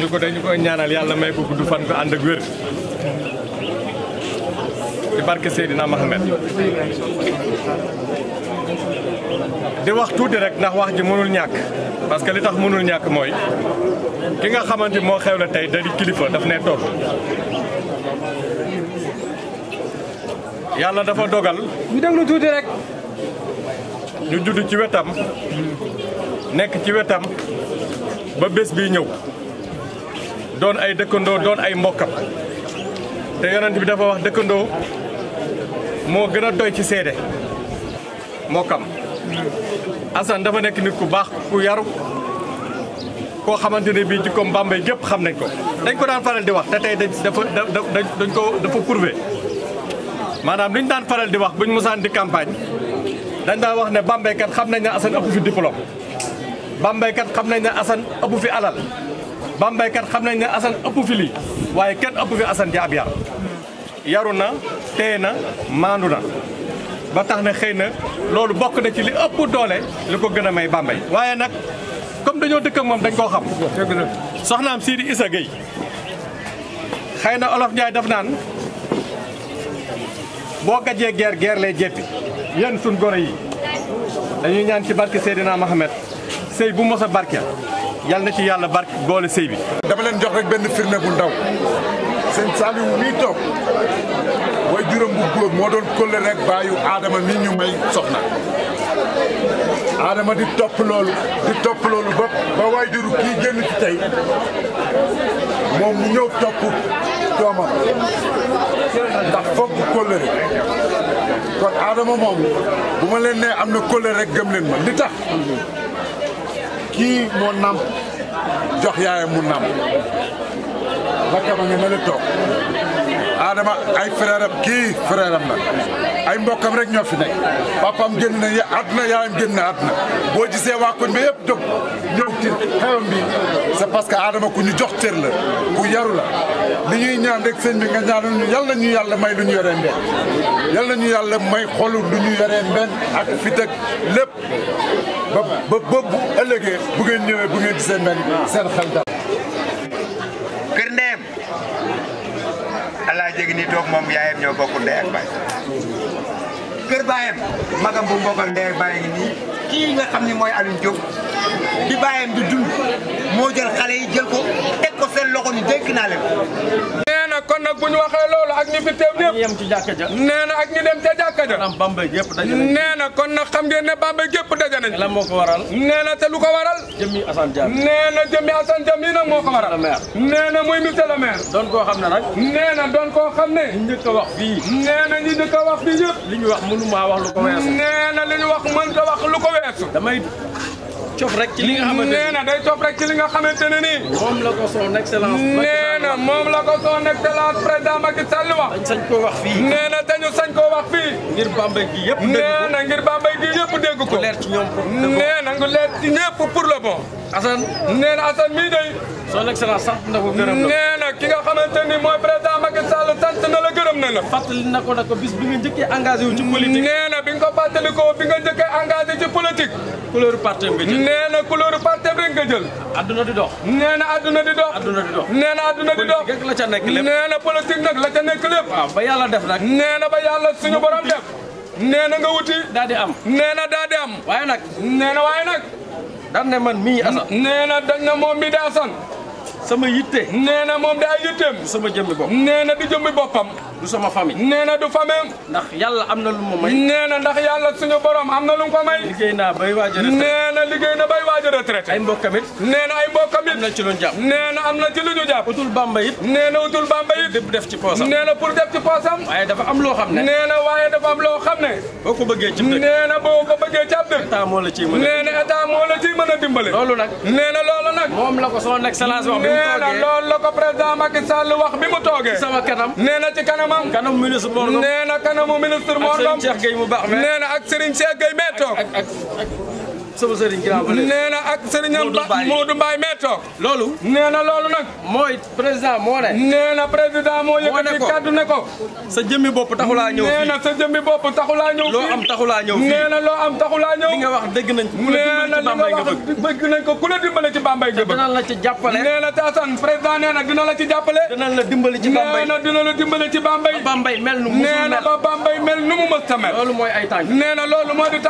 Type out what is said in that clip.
ñu ko dañu koy ñaanal yàlla may ko gudd fan ko ànd ak wér di barke Seydina Mohamed di wax tuuti rek ndax wax ji mënul ñàkk parce que li tax mënul ñàkk mooy ki nga xamante moo xew la tey dari kilifa daf ne toog yàlla dafa dogal ñu déglu tuuti rek ñu judd ci wetam nekk ci wetam ba bés bi ñëw doon ay dëkkandoo doon ay mbokkam te yonent bi dafa wax dëkkandoo moo gën a tooy ci seede mbokkam Assane dafa nekk nit ku baax ku yaru koo xamante ne bii jikkoom Bambey gépp xam nañ ko dañ ko daan faral di wax te tey dañ dafa dañ ko dafa prouvé maanaam li daan faral di wax buñ mosaan di campagne dañ daan wax ne Bambey xam nañ ne Assane ëpp fi diplôme Bambey xam nañ ne Assane ëpp fi alal bambaykat xam nañ ne Assane ëpp fi lii waaye kenn ëpp fi Assane ja ab yar yaru na téye na maandu na ba tax na xëy na loolu bokk na ci li ëpp doole li ko gën a may Bambey waaye nag comme dañoo dëkk moom dañ koo xam soxnaam Sidi Issa Gueye xëy na olof Ndiaye daf naan boo gajee geer geer lay jeppi yéen suñ gone yi dañuy ñaan ci barke Seydina Mohamed sëy bu mos a yal na ci yàlla barke boole sëy bi. dama leen jox rek benn firnde bu ndaw sëñ Saliou mii toog way juróom bu góor moo doon kólle rek baayu Adama mii ñu may soxna aadama di topp loolu di topp loolu ba ba way juru kii génn ci tey moom mu ñëw topp doomam ndax foog kólle kon Adama moom bu leen nee am na kólle rek gëm leen ma li tax. kii moo nàmp jox yaayam mu nàmp bakka ma nga na le toog Adama ay frère am kii frère am ay mbokkam rek ñoo fi nekk papam génn na àdduna yaayam génn na àdduna boo gisee waa koñ ba yëpp jóg ñëw ci xewam bi c'est parce que Adama ku ñu jox cër la ku yaru la li ñuy ñaan rek sëñ bi nga ñaanal ñu na ñu yàlla may lu ñu yoree mbenn yàlla ñu yàlla may xolu lu ñu yoree mbenn ak fit lépp ba ba ba bu ëllëgee bu ñëwee bu ngeen gisee seen xel dal. kër ndeyam allah jéggi nii toog moom yaayam ñoo bokk ak baay kër baayam magam bu mbokkal ndey baay ngi nii kii nga xam ni mooy Alioune Diop di baayam di dund moo jël xale yi jël ko teg ko seen loxo ni dénk naa leen nag bu ñu waxee loolu ak ñi fi ak ñi yem ci jàkka ja. nee na ak ñi dem ca jàkka ja. maanaam Bambey na kon nag xam ngeen ne Bambey gépp daje nañ. lan moo ko waral. nee na te lu ko waral. jëmmi Assane Dia. nee na jëmmi Assane Dia mii moo ko waral. nee na muy monsieur le doon koo xam ne nag. nee na doon koo xam ne. ñi njëkk a wax fii. nee na ñi njëkk a wax i yëpp. li ñu wax mënu maa wax lu ko weesu. nee na li ñu wax mënta wax lu ko weesu. damay cof rek ci li nga xamante ne nee na day cof rek ci li nga xamante ne nii. moom la ko son excellence. nee na moom la ko son excellence président Macky Sall wax. dañ sañ koo wax fii. nee na dañu sañ koo wax fii. ngir Bambey gi yëpp dégg ko nee na ngir Bambey gi yëpp dégg ko. ku leer ci ñoom pour le bon nee na nga leer ci ñëpp pour le bon. Assane nee na Assane mii day. son excellence sant na ko gërëm na nee na ki nga xamante ni mooy. na la. fàttali na ko na ko bis nga wu ci politique. nee na bi nga ko fàttali ko bi nga njëkkee engagé ci politique. na couleur parti rek nga jël. adduna di dox. nee na adduna di dox. adduna la ca nekk lépp nee na politique nag la def nag. na ba yàlla suñu borom def. nee na nga wuti. daa di am nee na di am. waaye nag. nee na waaye nag. man mii Assane. nee na dañ na moom mii di Assane. sama yitte. nee na moom daa yitteem. du sama jëmmi bopp. nee na du jëmmi boppam. du sama famille. nee na du famille. ndax yàlla am na lu mu may. nee na ndax yàlla suñu borom am na lu mu ko liggéey naa bay waaj a retraité. nee liggéey na bay waaj a retraité. ay mbokkam it. nee na ay mbokkam it. am na ci lu ñu am na ci lu ñu jàpp. utul bamba it. nee na bamba it. def ci poosam. nee na pour def ci poosam. waaye dafa am loo xam ne. nee na waaye dafa am loo xam ne. boo ko bëggee ci dëkk. nee na boo la ciy mën a. nee na état a dimbale. loolu nag. nee na loolu nag. nee na loolu la ko président Macky Sall wax bi mu toogee. sama kanam nee na ci kanamam. kanam ministre Mor Ndom nee na kanamu ministre Mor Ndom. ak Serigne Cheikh Gueye mu baax nee na ak Serigne Cheikh Gueye mee toog. sama sëriñ Grand Valet nee na ak sëriñam Modou Mbaye mee toog loolu nee na loolu nag mooy président moo ne nee na président moo yëkkati kaddu ne ko sa jëmmi bopp taxulaa ñëw nee na sa jëmmi bopp taxulaa ñëw loo am taxulaa ñëw nee na loo am taxulaa ñëw li nga ko ku la dimbale ci Bambey nga bëgg dina la ci jàppale nee na taasan président nee na dina la ci jàppale dina dina la dimbale ci Bambey Bambey mel nu mu nee ba Bambey mel nu mu mës mel loolu loolu moo di